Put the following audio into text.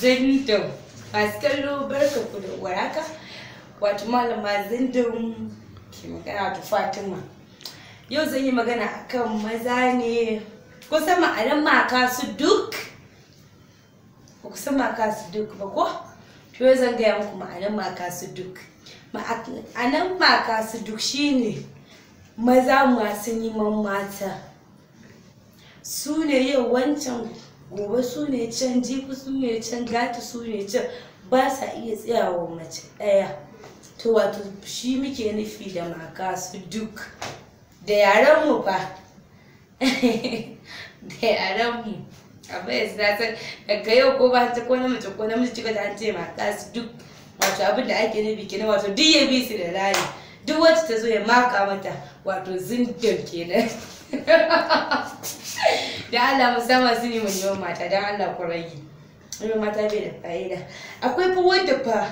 zindin masu kallo barka ku da waraka wato malama zindin ke magana da fatima yau zan yi magana akan maza ne kusan ma'anar maka su duk ba kusan maka su duk ba ko to yau zan gaya muku ma'anar maka su duk ma'anar maka su duk shine maza masu neman mata su ne yau wancan gobe su ne can jifu su ne can gati su ne can ba sa iya tsayawa mace ɗaya to wato shi muke nufi da maka su duk da yaran mu fa da yaran mu abu ya sa san daga yau ko ba ta ko mace ko namiji cika ta an ce maka su duk wato abin da ake nufi kenan wato duk ya bi su da rari duk wacce ta zo ya maka mata wato zindan kenan da Allah musamman su ne miliyon mata dan Allah ku rage. Miliyon mata bai da fa'ida. Akwai fa wanda fa